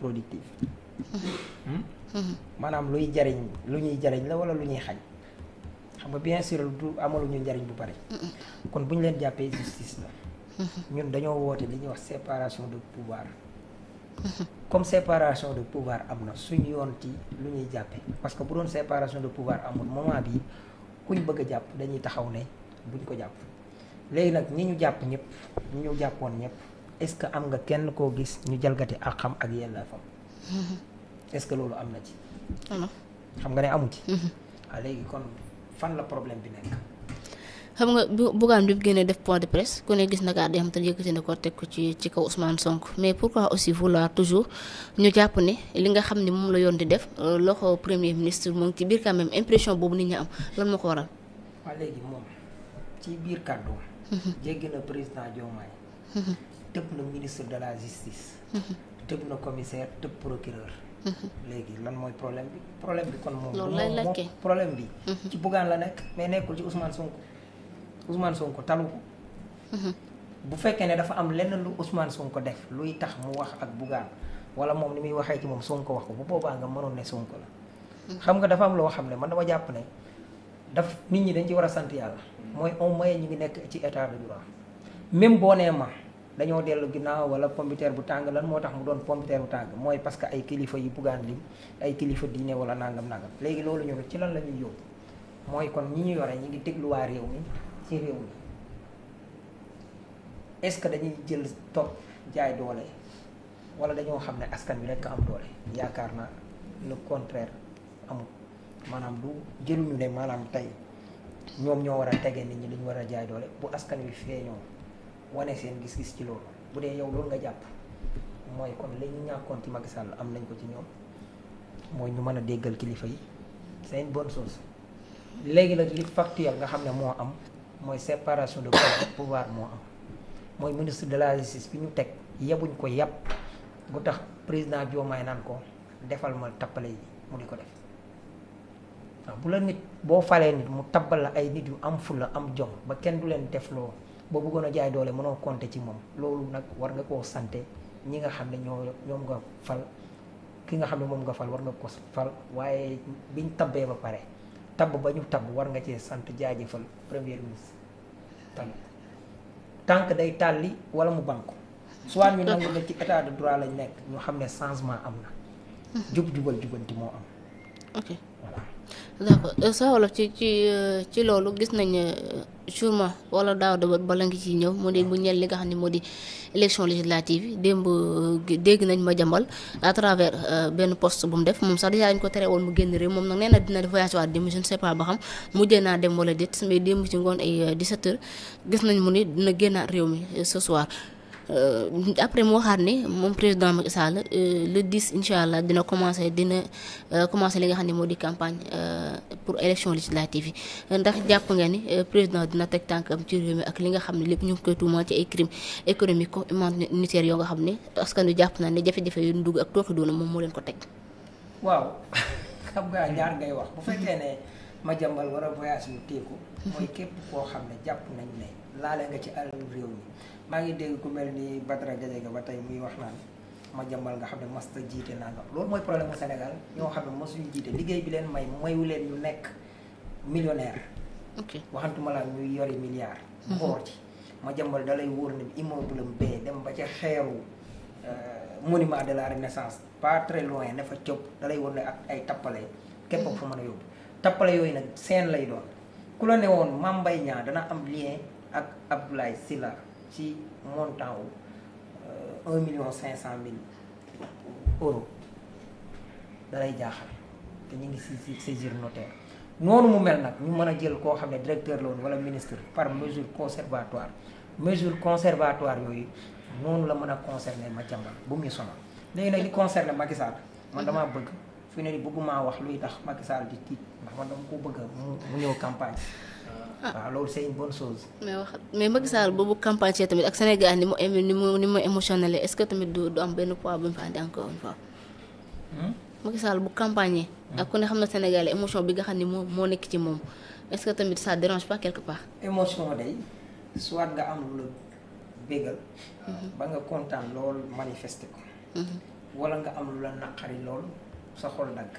productive hmm? maanaam luy jariñ lu ñuy jariñ la wala lu ñuy xañ xam nga bien sûr du ñu njariñ bu bari kon bu ñu leen jàppee justice la ñun dañoo woote li ñuy wax séparation de pouvoir comme séparation de pouvoir am na suñu yoon ci lu ñuy jàppee parce que bu doon séparation de pouvoir amul yi ku kuñ bëgg a jàpp dañuy taxaw ne buñ ko jàpp léegi nag ñi ñu jàpp ñëpp ñi ñu jàppoon ñëpp est-ce que am nga kenn koo gis ñu jalgati ak xam ak yelleefam mm-hmm. est-ce que loolu am na ci xam nga ne amu ci waaw mm-hmm. ah, léegi kon fan la problème bi nekk xam nga bu Bougane bi génnee def point de presse ku ne gis na kàddu yoo xam te ne ko teg ko ci ci kaw Ousmane Sonko mais pourquoi aussi vouloir toujours ñu jàpp ne li nga xam ne moom la yoon di def euh, loxo premier ministre mu ci biir quand même impression boobu nit ñi am lan moo ko waral. waaw ah, léegi moom ci biir kàddu. Mm-hmm. jéggi na président Diomaye. tëb na ministre de la justice. Mhm. tëb na commissaire tëb procureur. Mhm. léegi lan mooy problème bi problème bi kon moom. loolu lay lakkee problème bi. Mhm. ci Bougane la nekk mais nekkul ci Ousmane Sonko Ousmane Sonko talu bu fekkee ne dafa am lenn lu Ousmane Sonko def luy tax mu wax ak Bougane wala moom li muy waxee ci moom Sonko wax ko bu boobaa nga mënoon ne Sonko la. xam nga dafa am loo xam ne man dama jàpp ne daf nit ñi dañ ci war a sant yàlla. mooy au moins ñu ngi nekk ci état de droit même boo nee ma. dañoo dellu ginnaaw wala pompiteer bu tàng lan moo tax mu doon pompiteer bu tàng mooy parce que ay kilifa yi buggaan lim ay kilifa diine wala nangam nangam léegi loolu ñu ci lan la ñuy yóbbu mooy kon ñi ñu yore ñi ngi déglu waa réew mi ci réew mi est-ce que dañuy jël topp jaay doole wala dañoo xam ne askan wi rek am doole yaakaar na le contraire amul maanaam du jëluñu ne manaam tey ñoom ñoo war a tege nit ñi li ñu war a jaay doole bu askan wi feeñoo wane seen gis-gis ci loolu bu dee yow loolu nga jàpp mooy kon la ñu ñàkkoon ci Macky Sall am nañ ko ci ñoom mooy ñu mën a déggal kilifa yi seen une bonne léegi nag li factuel nga xam ne moo am mooy séparation de pouvoir moo am mooy ministre de la justice bi ñu teg yebuñ ko yàpp bu tax président Diomaye naan ko defal ma tappale yi mu di ko def waaw bu la nit boo falee nit mu tabal la ay nit yu am fulla am jom ba kenn du leen def loo boo bëggoon jaay doole mënoo compter ci moom loolu nag war nga koo sante ñi nga xam ne ñoo ñoom nga fal ki nga xam ne moom nga fal war nga ko fal waaye biñ tabbee ba pare tabb ba ñu tabb war nga cee sant jaajëfal premier ministre tamit tànk day tàlli wala mu banku soit ñu nangu ne ci état de droit lañ nekk ñu xam ne changement am na hmm. jub jubal jubanti moo am d'accord sa wolof ci ci ci loolu gis nañ sûrement wala daaw da bala ngi ci ñëw mu di bu ñeel li nga xam ne moo di élection législative yi démb dégg nañ ma jambal à travers euh, benn poste bu mu def moom sax déjà dañ ko tere woon mu génn réew moom nag nee na dina voyage waat démb je ne sais pas ba xam mujjee naa dem wala déet mais démb ci ngoon ay 17 euh, heures gis nañ mu ni dina génnaat réew mi euh, ce Euh, après moo xaar ni moom président Macky Sall euh, le 10 incha allah dina commencé dina euh, commencé li nga xam ne moo di campagne pour élection législative yi ndax jàpp nga ni président dina teg tànkam ci réew mi ak li nga xam ne lépp ñu ngi koy tuumal ci ay crime économique ko yoo xam ne askan wi jàpp naa ni jafe-jafe yu ndugg ak tooxi doona moom moo leen ko teg. waaw xam nga ñaar ngay wax bu fekkee ne ma jàmbal war a voyage lu téeku mooy képp koo xam ne jàpp nañ ne laale nga ci alalu réew mi. maa ngi dégg ku mel ni Badara Gadiaga ba tey muy wax naan ma jàmbal nga xam ne mas ta jiite naa nga loolu mooy problème mu Sénégal ñoo xam ne mosuñu jiite liggéey bi leen may mayu leen ñu nekk millionnaire. ok waxantuma laa ñuy yori milliards. xool mhm. ci ma jëmbal dalay wóor ne immeuble am ba ca xeeru euh, monument de la renaissance pas très loin dafa cëpp dalay wóor ne ak ay tappale képp ku fa a yóbbu tappale yooyu nag seen lay doon ku la ne woon Mame Mbaye Niang dana am lien ak Abdoulaye Sylla ci montant wu euh, un million cinq cent mille euros dalay jaaxal te ñu ngi si si saisir notaire noonu mu mel nag ñu mën a jël koo xam ne directeur loolu woon wala ministre par mesure conservatoire mesure conservatoire yooyu noonu la mën a concerné Madiambal bu mu ñu sonal léegi nag li concerné Macky man damaa bëgg fi ne ni bëggumaa wax luy tax Macky Sall di tiit ndax man dama ko bëgg mu ñëw campagne waaw ah, loolu c'est une bonne mais wax mais Macky Sall boobu campagne ci tamit ak Sénégal ni mu ni mu ni mu émotionnel est-ce que tamit du du am benn poids bu mu fa hmm? bu campagne. Hmm? ak ne xam na Sénégal émotion bi nga xam ni moo moo nekk ci moom est-ce que tamit ça dérange pas quelque part. émotion day soit nga am lu bégal. Hmm. ba nga kontaan loolu manifester ko. wala nga am lu la naqari lool sa xol dagg.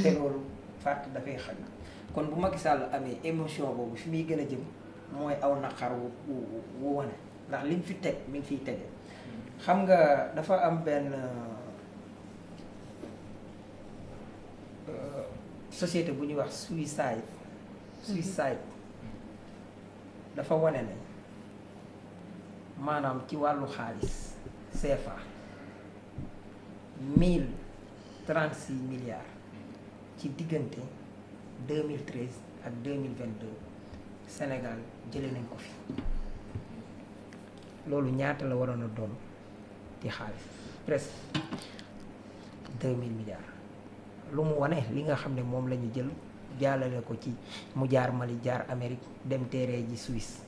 te loolu fàtt dafay xaj. kon bu Macky Sall amee émotion boobu fi muy gën a jëm mooy aw naqar wu wu wane ndax liñ fi teg mi ngi fiy tege xam nga dafa am benn euh, société bu ñuy wax suicide suicide dafa wane ne maanaam ci wàllu xaalis CFA mille trent six milliards ci diggante 2013 ak 2022 Sénégal jëlee nañ ko fi loolu ñaata la waroon a doon ci xaalis presque 2000 milliards lu mu wane li nga xam ne moom la ñu jël jàllale ko ci mu jaar Mali jaar Amérique dem teeree ji Suisse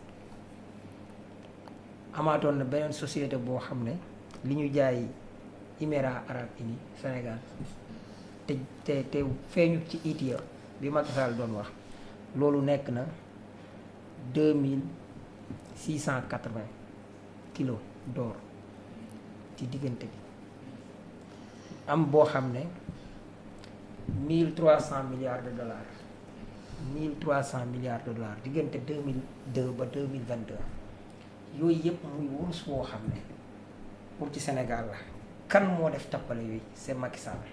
amaatoon na beneen société boo xam ne li ñu jaay Émirats arabes unis Sénégal te te te feeñu ci ITIA bi Macky Sall doon wax loolu nekk na deux mille six cent quatre vingt kilos d'or ci diggante bi am boo xam ne mille trois cent milliards de dollars mille trois cent milliards de dollars diggante deux mille deux ba deux mille vingt deux yooyu yëpp muy wurus woo xam ne pour ci Sénégal la kan moo def tappale yooyu c'est Macky Sall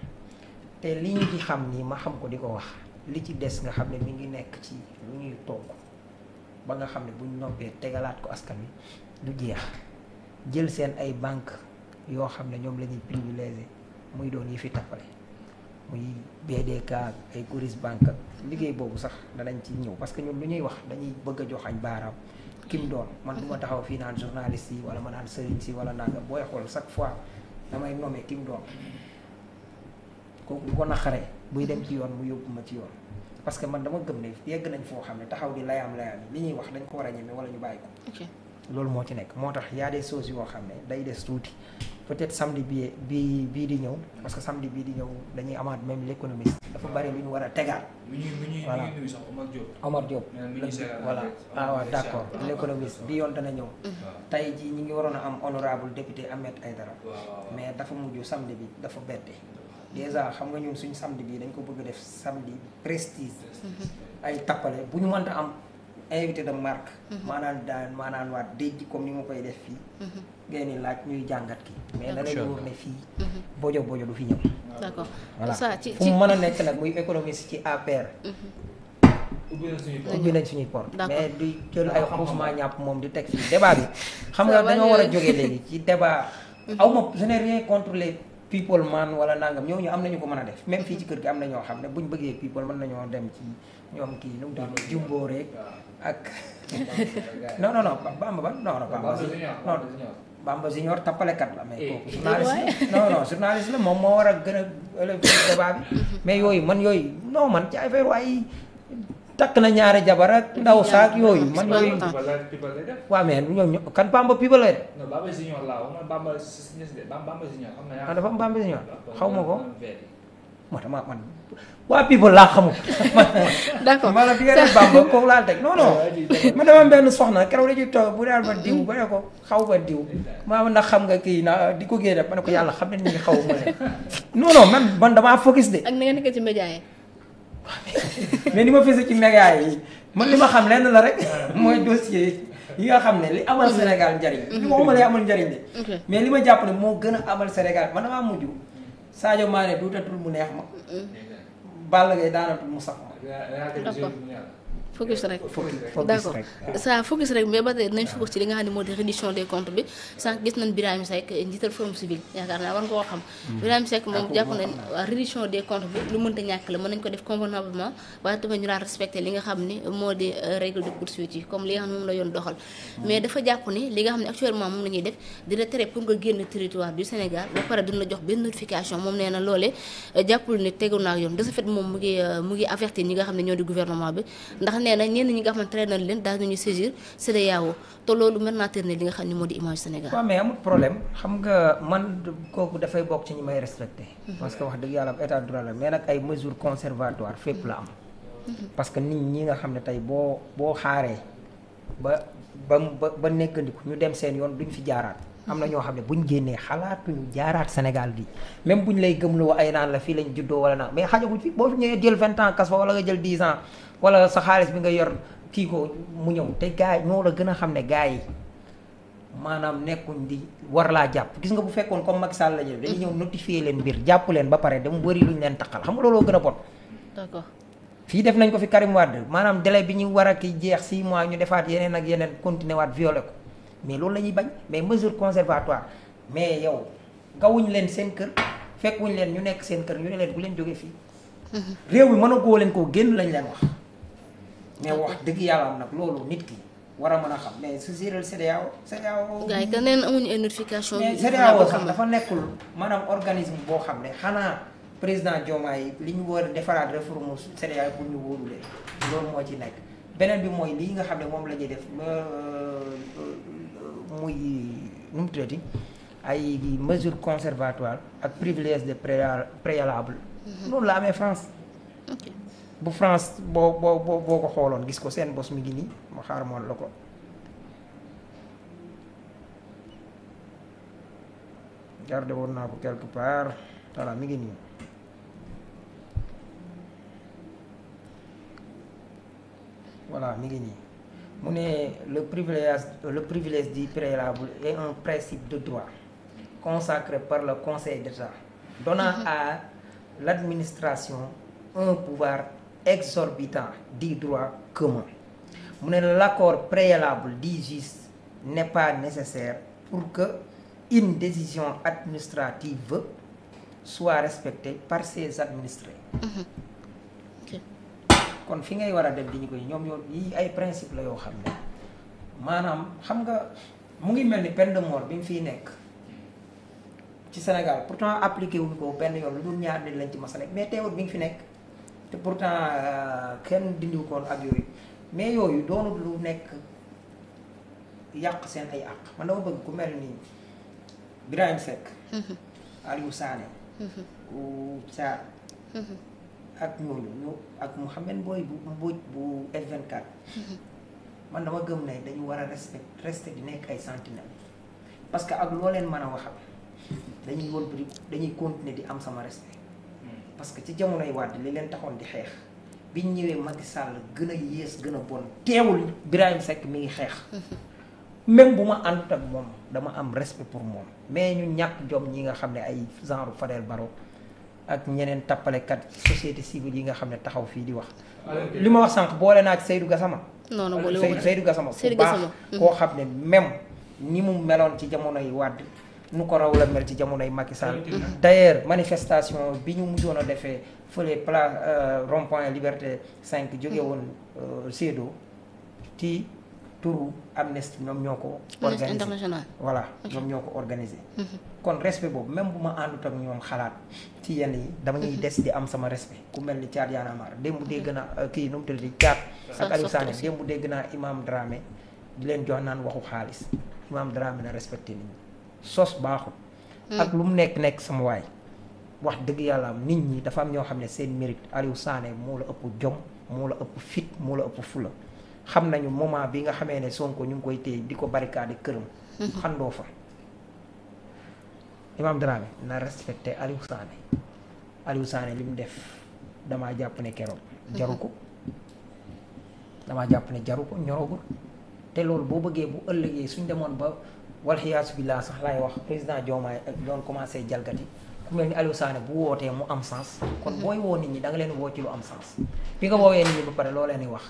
te li ñu ci xam nii ma xam ko di ko wax li ci des nga xam ne mi ngi nekk ci lu ñuy togg ba nga xam ne buñ noppee tegalaat ko askan wi du jeex jël seen ay banque yoo xam ne ñoom la ñuy privilégié muy doon yi fi tappale muy BDK ak ay Coris banque liggéey boobu sax danañ ci ñëw parce que ñoom lu ñuy wax dañuy bëgg a joxañ baaraam kim doon man du taxaw fii naan journaliste yi wala ma naan sëriñ si wala nanga booy xool chaque fois damay nommé kim doon kooku bu ko naqaree buy dem ci yoon mu yóbbu ma ci yoon parce que man dama gëm ne yegg nañ foo xam ne taxaw di layaam layaam yi li ñuy wax dañ ko war a ñeme wala ñu bàyyi ko loolu moo ci nekk moo tax yaa a des choses yoo xam ne day des tuuti peut-être samedi bi bi bii di ñëw parce que samedi bii di ñëw dañuy amaat même l'économiste dafa bari lu ñu war a tegaat voilà Omar Diop voilà ah waaw d'accord l'économiste bi yoon dana ñëw tey ji ñi ngi waroon a am honorable député Ahmed Aïdara mais dafa mujj samedi bi dafa bette dèjà xam nga ñun suñu samedi bii dañ ko bëgg def samedi prestige mhm. ay tappale bu ñu mënta am invité de marque maanaan daal maanaan waa déjji comme ni ma koy def fii mhm. ngeen di laaj ñuy jàngat ki mais da lay wóor ne fii mhm. bojo bojo du fi ñëw d'accord fu mu mën a nekk nag muy économiste ci APR ubbi nañ suñuy port mais di jël ay xuusement ñàpp moom di teg fii débat bi xam nga dañoo war a jógee léegi ci débat awma je n'ai people man wala nangam ñooñu am nañu ko mën a def même fii ci kër gi am na ñoo xam ne buñ bëggee people mën nañoo dem ci ñoom kii nu mu tudd jumbo rek ah. ak non non non Bamba ban non non Bamba non Bamba Junior la mais eh. a a élevé yooyu man yooyu non man ci fay waay takk na ñaari jabar ak ndaw saak yooyu man yooyu waaw mais ñoom kan bamba piba lay def bamba junior la man bamba junior am na ah, dafa am bamba junior xaw ma ko man man waa piba laa xamul d'accord a bi nga def bamba kooku laa teg non non man dama am benn soxna keroog da ciy toog bu daal ma ne ko xaw ma diw maa ndax xam nga kii na di ko génne ma ne ko yàlla xam ne ni ngi xaw ma ne non mais ni ma fese ci méga yi man li ma xam lenn la rek mooy dossier yi nga xam ne li amal Sénégal njariñ mhm. li ma waxuma lay amal njariñ de mais li ma jàpp ne moo gën a amal Sénégal man damaa mujj Sadio Mané duutatul mu neex ma mhm. Balla Gaye daanatul mu sax ma focus rek rek mais ba tey nañ focus ci li nga xam ne moo di reddition des comptes bi sànq gis nañ Birahim Seck njiital forum civil yaakaar naa war nga koo xam hmm. Birahim Seck moom jàpp nañ ko def convenablement waaye tamit ñu euh, li nga xam ne moo di comme li nga xam mais dafa jàpp ni li nga xam ne actuellement moom la ñuy def dina tere pour nga génn territoire du Sénégal ba pare duñ na loolee euh, jàppul ne tegu naa yoon de euh, nga xam ne ñoo di gouvernement bi ndax nee na ñenn ñi nga xamante ne leen daal nañu saisir CEDEAO te loolu mën naa terne li nga xam ne moo di image Sénégal. waaw mais amul nga man kooku dafay bokk ci ñi may respecté. Mm-hmm. parce que wax dëgg yàlla état de droit la mais nag ay mesures conservatoires fépp la am. Mm-hmm. parce que nit ñi nga xam ne tey boo boo xaaree ba ba ba nekkandiku ñu dem seen yoon duñ fi jaaraat. am na ñoo xam ne bu buñ génnee xalaatuñu jaaraat Sénégal bi même buñ lay gëmloo ay naan la fii lañ juddoo wala naan mais xajagu ci boo fi ñëwee jël vingt ans kas fa wala nga jël dix ans sa xaalis bi nga yor kii ko mu ñëw te gaa yi ñoo la gën a xam ne gars yi maanaam nekkuñ di war laa jàpp gis nga bu fekkoon comme Macky Sall la ñëw notifier leen mbir jàpp leen ba pare dama bëri luñ leen taqal xam nga looloo gën a bon. d'accord fii def nañ ko fi Karim Wade maanaam délai bi ñu war ki jeex 6 mois ñu defaat yeneen ak yeneen continuer waat violé ko mais loolu la ñuy bañ mais mesure conservatoire mais yow gawuñ leen seen kër fekkuñ leen ñu nekk seen kër ñu ne leen bu leen jógee fii. réew mi mën a góo leen koo génn lañ leen wax. mais wax dëgg yàlla am nag loolu nit ki war a mën a xam mais su siiral CEDEAO CEDEAO. gars yi que neen amuñu notification. mais CEDEAO sax dafa nekkul maanaam organisme boo xam ne xanaa président Diomaye li ñu war a defaraat réforme CEDEAO pour ñu wóorulee loolu moo ci nekk beneen bi mooy lii nga xam ne moom la ñuy def. muy nu mu tuddati ay mesures conservatoires ak privilège de préalable mhm. loolu la amee France bu France boo boo boo ko xooloon gis ko seen bos mi ngi nii ma xaar moon la ko garde woon naa ko quelque part voilà mi ngi nii voilà mi ngi nii mu ne le privilège le privilège du préalable est un principe de droit consacré par le Conseil d'État donnant à l'administration un pouvoir exorbitant du droit commun mu ne l'accord préalable du juge n'est pas nécessaire pour que une décision administrative soit respectée par ses administrés. Mmh. Okay. kon fi ngay war a dem di ñu koy ñoom yoon yi ay principe la yoo xam ne maanaam xam nga mu ngi mel ni peine de bi mu fi nekk ci Sénégal pourtant appliqué wuñ ko benn yoon lu dul ñaar nit lañ ci mas a mais teewut bi nga fi nekk te pourtant euh, kenn dindiw koon ak yooyu mais yooyu doonut lu nekk yàq seen ay àq man dama bëgg ku mel ni Birahim Seck mm-hmm. Aliou Sané mm-hmm. Thiar mm-hmm. ak ñooñu ñu ak Mouhamed Mboy bu Mbodj bu F24. man dama gëm dañu war a respect resté di nekk ay sentinelle parce que ak loo leen mën a waxal dañuy woon dañuy continuer di am sama respect. Hmm. parce que ci jamonoy Wade li taxoon di xeex biñ ñëwee Macky Sall gën a yées gën a bon teewul Birahim Seck mi ngi xeex. Hmm. même bu ma àndut moom dama am respect pour moom mais ñu ñàkk jom ñi nga xam ne ay genre Fadel Baro. ak ñeneen tappalekat société civile yi nga xam ne taxaw fii di wax. li ma wax sànq boole naa ak Seydou Gassama. non non boole Seydou Seydou Gassama. baax mm-hmm. koo xam ne même ni mu meloon ci jamonoy Wade nu ko raw la mel ci jamonoy Macky Sall. Mm-hmm. d'ailleurs manifestation bi ñu mujjoon a defee fële place euh, rond point Liberté cinq jóge woon euh, Séddo turu Amnesty ñoom ñoo ko. organisé international voilà ñoom ñoo ko organisé. Mhm. kon respect boobu même bu ma àndut ak ñoom xalaat ci yenn yi dama ñuy mhm. des di am sama respect ku mel ni Thiat Y'en a marre démb dégg naa euh, kii nu mu tëddee Thiat ak Aliou Sané démb dégg naa Imam Dramé di leen jox naan waxu xaalis Imam Dramé na respecté nit ñi sos baaxul. Mhm. ak lu mu nekk nekk sama waay wax dëgg yàlla am nit ñi dafa am ñoo xam ne seen mérite Aliou Sané moo la ëpp jom moo la ëpp fit moo la ëpp fula. xam nañu moment bi nga xamee ne Sonko ñu ngi koy téye di ko barricade këram. Mhm. xandoo fa. Imam Dramé na respecté Aliou Sané Aliou li mu def damaa jàpp ne keroog. Mhm. jaru ko damaa jàpp ne jaru ko ñoragul te loolu boo bëggee bu ëllëg ëllëgee suñ demoon ba walxiyaasu billaa sax laay wax président Diomaye ak doon commencé jalgati. ku mel ni Aliou Sané bu wootee mu am sens. kon mhm. booy woo nit ñi da nga leen woo ci lu am sens. bi nga woowee nit ñi ba pare loo leen di wax.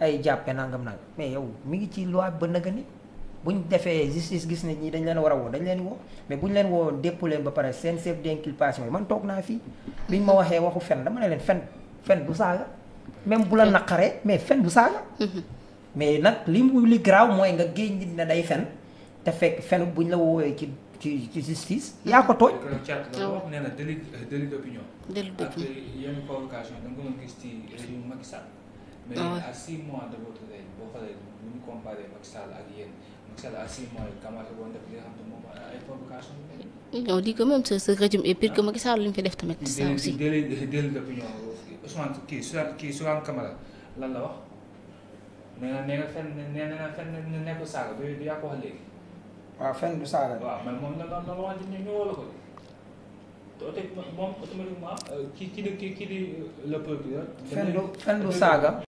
ay jàppe nangam nag mais yow mu ngi ci loi ba naga ni ñu defee justice gis nañ ñi dañ leen war a woo dañ leen woo mais bu buñ leen woo dépp leen ba pare seen chef d'inculpation yi man toog naa fii biñ ma waxee waxu fen dama ne leen fen fen bu saaga même bu la naqaree mais fen bu saaga mhm. mais nag li mu li garaaw mooy nga géej nit ne day fen te fekk fen buñ la woowee ci ci ci justice yaa ko tooñ. Ah nee na délit d'opinion. Euh, mais à six mois de votre règne boo xoolee bu ñu comparé Macky Sall ak yéen Macky Sall à six mois yi commencé woon def li nga xam ne moom ay provocation kii Souleyman kii Souleyman Camara la wax nee na nee na fenn nee na la la wax ñu ñu di kii di le peuple. saaga.